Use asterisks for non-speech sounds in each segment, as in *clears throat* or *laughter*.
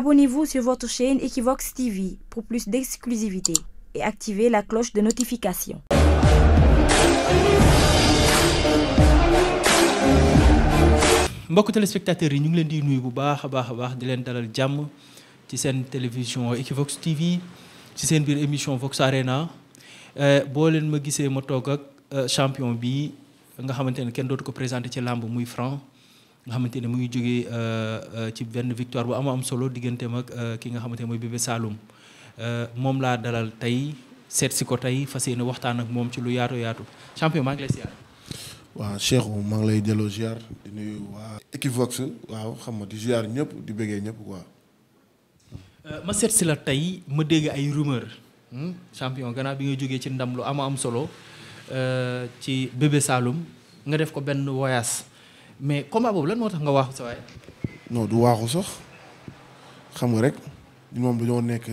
Abonnez-vous sur votre chaîne Equivox TV pour plus d'exclusivité et activez la cloche de notification. mbokk téléspectateurs yi ñu ngi leen di nuyu bu baax a baax a baax di leen dalal jàmm ci seen télévision Equivox TV ci seen biir émission Vox Arena euh, boo leen ma gisee ma toog ak euh, champion bi nga xamante ne kenn dootu ko présenté ci làmb muy Franc nga xamante ne mu ngi jógee euh, euh, ci benn victoire bu am am solo diggante mag euh, ki nga xamante ne mooy Bébé Saloum moom laa dalal tey seet si ko tey fas yéene waxtaan ak moom ci lu yaatu yaatu champion maa waaw Cheikh maa ngi lay delloo ziar waaw xam nga di ziar ñëpp di bëggee ñëpp quoi. seet si la tey ma dégg ay rumeur hmm, champion gannaaw bi nga jógee ci ndam lu am am solo ci Bébé Saloum nga def ko benn voyage. mais combat boobu lan moo tax nga waaxu sa waay. du waaxu sax xam nga rek moom dañoo nekk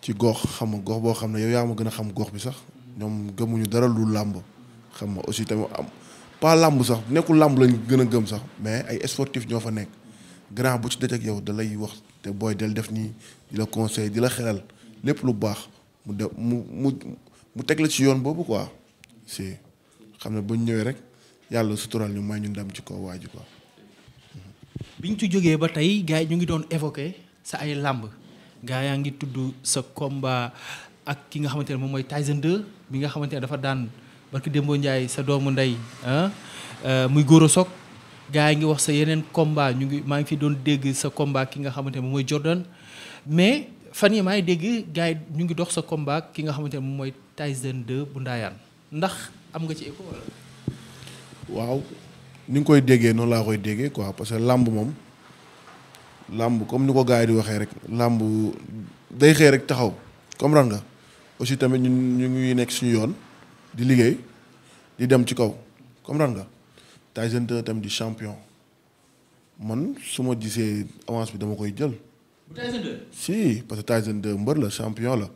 ci gox xam nga gox boo xam ne yow yaa ma gën a xam gox bi sax ñoom gëmuñu dara lu làmb xam nga aussi tamit am pas làmb sax nekkul làmb lañ gën a gëm sax mais ay sportif ñoo fa nekk grand bu ci daj ak yow da lay wax te booy del def nii di la conseil di la xelal lépp lu baax mu def mu mu mu teg la ci yoon boobu quoi si xam ne buñ ñëwee rek. yàlla sutural ñu may ñu ndam ci kaw waaju ko bi biñ ci jógee ba tey gars yi ñu ngi doon évoqué sa ay làmb gars yaa ngi tudd sa komba ak ki nga xamante ne moom mooy Tyson 2 bi nga xamante ne dafa daan barki Dembo Ndiaye sa doomu ndey ah, euh, muy Goro Sock gars yi ngi wax sa yeneen combat ñu ngi maa ngi fi doon dégg sa combat ki nga xamante ne moom mooy Jordan mais fan yi maa ngi dégg gars yi ñu ngi dox sa combat ki nga xamante ne moom mooy Tyson 2 bu Ndaayaan ndax am nga ci écho waaw ni nga koy déggee noonu laa koy déggee quoi parce que làmb moom làmb comme ni ko gars yi di waxee rek làmb day xëy rek taxaw comprendre nga aussi tamit ñu ñu ngi nekk suñu yoon di liggéey di dem ci kaw comprendre nga Tyson 2 tamit di champion man su ma gisee avance bi dama koy jël. Tyson 2 si parce que Tyson 2 mbër la champion la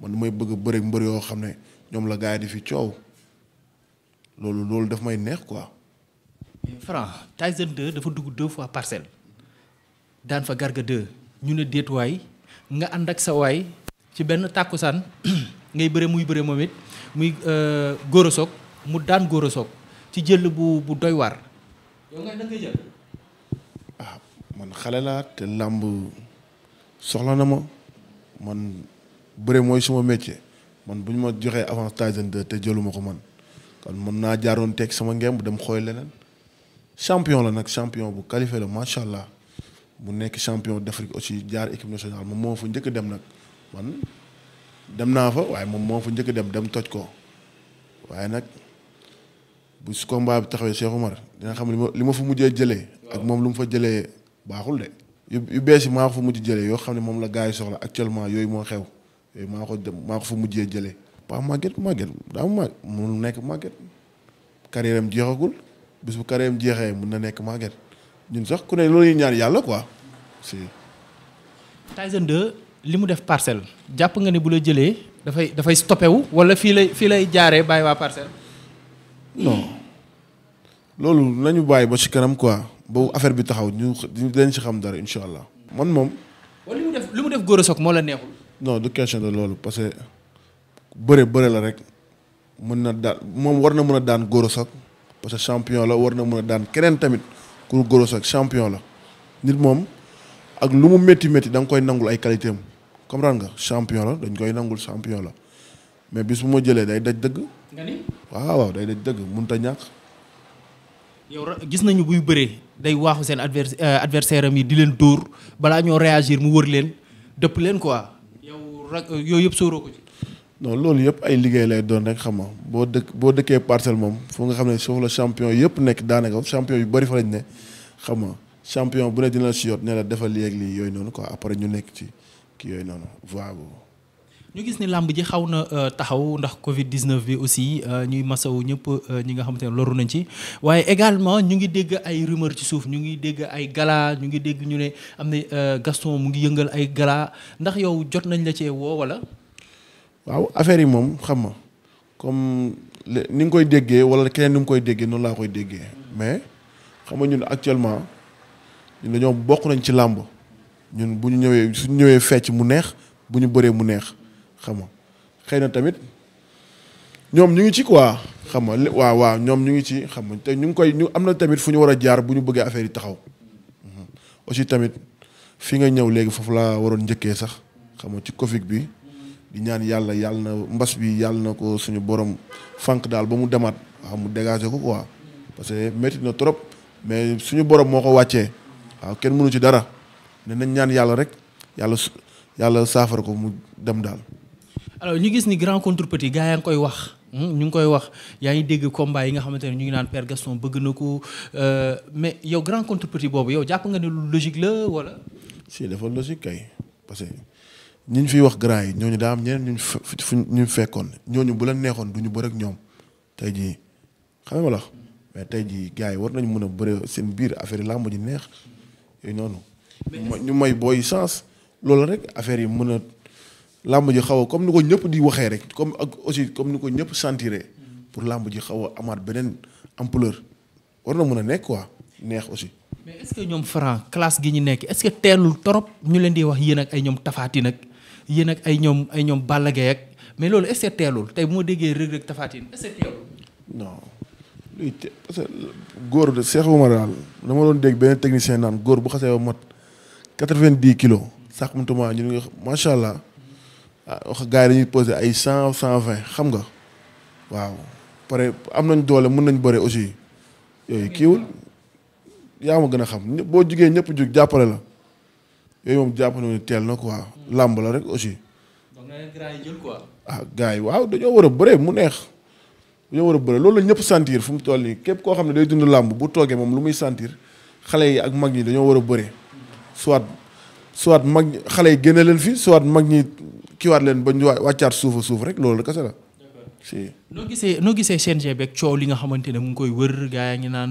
man may bëgg a bëri mbër yoo xam ne ñoom la gars yi di fi coow. loolu loolu daf may neex quoi. Franc de dafa dugg deux fois parcelle daan fa garga 2 ñu ne déet waay nga ànd ak sa waay ci benn tàkkusaan *clears throat* ngay bëre muy bëre moom it muy euh, góor a mu daan góor a ci jël bu bu doy war yow ah, man xale laa te làmb soxla na ma man bëre mooy suma métier man bu ñu ma joxee avance Tyson 2 te jëluma ko man. kon mën naa jaaroon teg sama ngemb dem xooy leneen champion la nag champion bu qualifié la macha allah mu nekk champion d'Afrique aussi jaar équipe nationale moom moo fa njëkk dem nag man dem naa fa waaye moom moo fa njëkk dem dem toj ko waaye nag bu su combat bi taxawee Cheikh Oumar dina xam ne li ma fa mujjee jëlee. ak moom lu mu fa jëlee baaxul de. yu yu bees yi maa ko fa mujj jëlee yoo xam ne moom la gars yi soxla actuellement yooyu moo xew yooyu maa ko dem maa mujjee jëlee. pas màgget màgget daa màgg mu nekk màgget carrière am jeexagul bis bu carrière am jeexee mun na nekk màgget ñun sax ku ne loolu ñaan yàlla quoi si. Tyson de li mu def parcelle jàpp nga ne bu la jëlee dafay dafay stoppé wu wala fii lay fii lay jaaree bàyyi waa parcelle. non loolu nañu bàyyi ba si kanam quoi ba affaire bi taxaw ñu leen si xam dara incha allah. man moom. wala li mu def li mu def góor a soog moo la neexul. non du question de loolu parce bëre bëre la rek mën na daan moom war na mën a daan Goro Sock parce que champion la war na mën a daan keneen tamit ku Goro Sock champion la nit moom ak lu mu métti métti da nga koy nangul ay qualité am comme ran nga champion la dañ koy nangul champion la mais bi su ma jëlee day daj dëgg. nga waaw waaw day daj dëgg munta a ñàkk. yow gis nañu buy bëree day waaxu seen advers euh, adversaire am yi di leen dóor balaa ñoo réagir mu wër leen dëpp leen quoi. yow rag yooyu yëpp sóoroo ko non loolu yëpp ay liggéey lay doon rek xam nga boo dëkk boo dëkkee parcelle moom foo nga xam ne soo la champion yëpp nekk daanaka champion yu bari fa lañ ne xam nga bu ne dina la si yot ne la defal lii ak lii yooyu noonu quoi après ñu nekk ci kii yooyu noonu voie ñu gis ni làmb ji xaw na euh, taxaw ndax Covid 19 bi aussi euh, ñuy masawu ñëpp euh, ñi nga xamante ne loru nañ ci waaye également ñu ngi dégg ay rumeur ci suuf ñu ngi dégg ay gala ñu ngi dégg ñu ne am na Gaston mu ngi yëngal ay gala ndax yow jot nañ la cee woo wala. waaw affaire yi moom xam ma comme ni nga koy déggee wala keneen ni mu koy déggee noonu laa koy déggee mais xam nga ñun actuellement ñun dañoo bokk nañ ci làmb ñun bu ñu ñëwee suñu ñëwee fecc mu neex bu ñu bëree mu neex xam ma xëy na tamit ñoom ñu ngi ci quoi xam nga waaw waaw ñoom ñu ngi ci xam nga ñu ngi koy ñu am na tamit fu ñu war a jaar bu ñu bëggee affaire yi taxaw mhm. aussi tamit fi nga ñëw léegi foofu laa waroon njëkkee sax xam ma ci Covid bi. di ñaan yàlla yàlla na mbas bi yàlla na ko suñu borom fànq daal ba mu demaat mu dégager ko quoi parce que métti na trop mais suñu borom moo ko wàccee waaw kenn mënu ci dara ne nañ ñaan yàlla rek yàlla su yàlla saafara ko mu dem daal. alors ñu gis ni grand contre petit gars yaa ngi koy wax hmm, ñu ngi koy wax yaa ngi dégg combat yi nga xamante ne ñu ngi naan Père Gaston bëgg na ko euh, mais yow grand contre boobu yow jàpp nga ne lu logique la wala. si dafa logique kay parce que. ñu ñu fi wax grand yi ñooñu daa am ñeneen ñu fu ñu fekkoon ñooñu bula la neexoon du ñu bëri ñoom tey jii xam nga la mais tey jii gars yi war nañu mën a bëre seen biir affaire yi làmb neex noonu. ñu may booy chance loolu rek affaire yi mën a làmb ji xaw a comme ni ko ñëpp di waxee rek comme ak aussi comme ni ko ñëpp sentiré mm-hmm. pour làmb ji xaw a amaat beneen ampleur war na mën a nekk quoi neex aussi. mais ñoom Franc classe gi ñu nekk est-ce que teelul trop ñu leen di wax yéen ak ay ñoom tafaati nag. yéen ak ay ñoom ay ñoom Balla Gaye mais loolu est-ce teelul tey bu ma déggee Reug Reug Tapha Tine est-ce que teelul non luy te parce que góor de seexuma daal dama doon dégg benn technicien naan góor bu xasee ba mot quatre-vingt-dix kilos sax mutuma ñu ngi macha allah ah, wax gars yi ñu posé ay cent cent vingt xam nga waaw pare am nañ doole mun nañ bëre aussi yooyu kiiwul yaa ma gën a xam boo jugee ñëpp jug jàppale la yooyu moom jàpp nañu ne teel na quoi. làmb la rek aussi. donc gars yi jël quoi. ah gars yi waaw dañoo war a bëre mu neex dañoo war a bëre loolu la ñëpp sentir fu mu toll nii képp koo xam ne day dund làmb bu toogee moom lu muy sentir xale yi ak mag ñi dañoo war a bëre soit soit mag xale yi génne leen fi soit mag ñi kiiwaat leen ba ñu wàccaat suufa suuf rek loolu kese la. si noo gisee noo gisee CNG beeg coow li nga xamante ne mu ngi koy wër gars yi ngi naan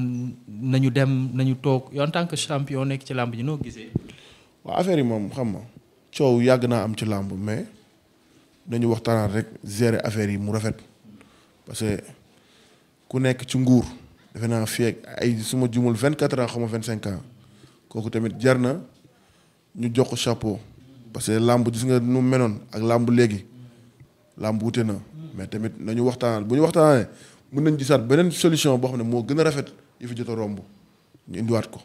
nañu dem nañu toog yow en tant que champion nekk ci làmb ji noo gisee. waa affaire yi moom xam nga coow yàgg naa am ci làmb mais dañu waxtaanaan rek gérer affaire yi mu rafet parce que ku nekk ci nguur defe naa fii ak ay su ma jumul vingt quatre ans xaw ma vingt cinq ans kooku tamit jar na ñu jox ko chapeau parce que làmb si nga nu menoon ak làmb léegi làmb wute na mais tamit nañu waxtaanal bu ñu waxtaanee mën nañ gisaat beneen solution boo xam ne moo gën a rafet yi fi jot a romb ñu indiwaat ko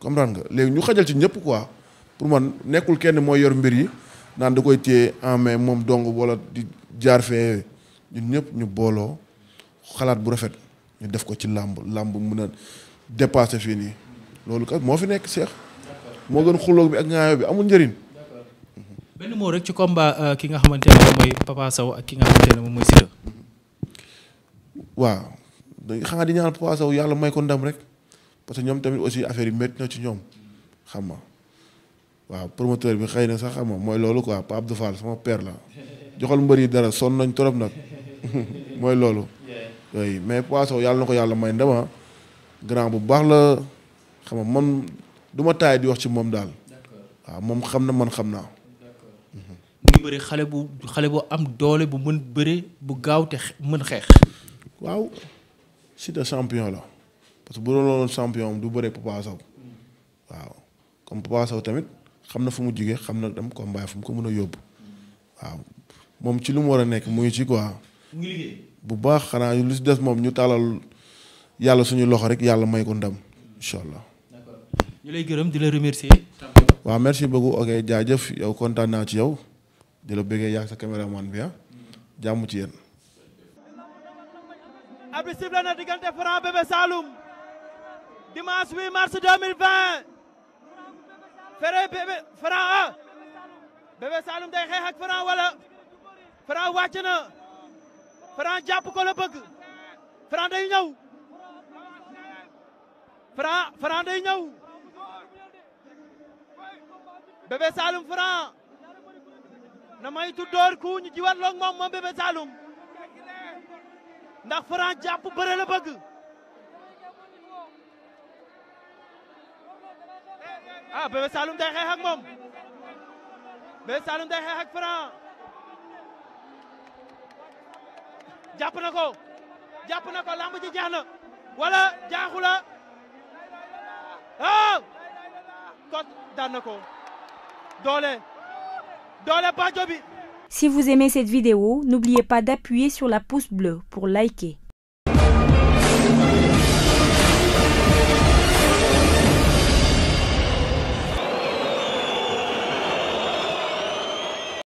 comme ran nga léegi ñu xaja ci ñëpp quoi pour man nekkul kenn mooy yor mbir yi naan da koy téye en mais moom dong wala di jaar fee ñun ñëpp ñu booloo xalaat bu rafet ñu def ko ci làmb làmb mun a dépassé fii nii loolu kat moo fi nekk Cheikh. moo gën xulóog bi ak ñaayo bi amul njëriñ. benn moo rek ci combat euh, ki nga xamante ne mooy Papa ak ki nga xamante ne moom mooy Siteu. waaw xanaa di ñaan Papa Sow yàlla may ko ndam rek parce que ñoom tamit aussi affaire yi métti na ci ñoom xam nga. waaw promoteur bi xëy na sax xam mooy loolu ko Pape Abdou Fall sama père la joxal mbër yi dara son nañ trop nag *laughs* mooy loolu. oui mais Poisson yàlla na ko yàlla may ndama ah. grand bu baax la xam nga man du ma taay di wax ci moom daal. waaw moom xam na man xam naa. mu ngi bëri xale bu xale bu am doole bu mën bëre bu gaaw te mën xeex. waaw Siteu champion la parce que bu doon loolu champion du bëre Papa Sow mm. waaw comme Papa Sow tamit. xam na fu mu jugee xam na dem combat fu mu ko mën a yóbbu waaw moom ci lu mu war a nekk muy ci quoi. mu bu baax xanaa lu si des moom ñu taalal yàlla suñu loxo rek yàlla may ko ndam incha allah. lay gërëm di la remercier. merci beaucoup ok jaajëf yow kontaan naa ci yow di la bëggee yàgg sa caméraman bi ah jàmm ci yéen. Abdou Sibla na diggante Franc Bébé Saloum dimanche 8 mars fere bébé Franc ah bébé Saloum day xeex ak Franc wala Franc wàcc na Franc jàpp ko la bëgg Franc day ñëw Franc Franc day ñëw bébé Saloum Franc na may tu door ku ñu jiwat loog moom moom bébé Saloum ndax Franc jàpp bëre la bëgg Franc Bébé Saloum day xeex moom Bébé Saloum day xeex ak Franc jàpp na ko jàpp na ko lamb ji jeex wala jaaxu la ah kot daan ko doole doole baajo bi. Si vous aimez cette vidéo, n'oubliez pas d'appuyer sur la pouce bleue pour liker.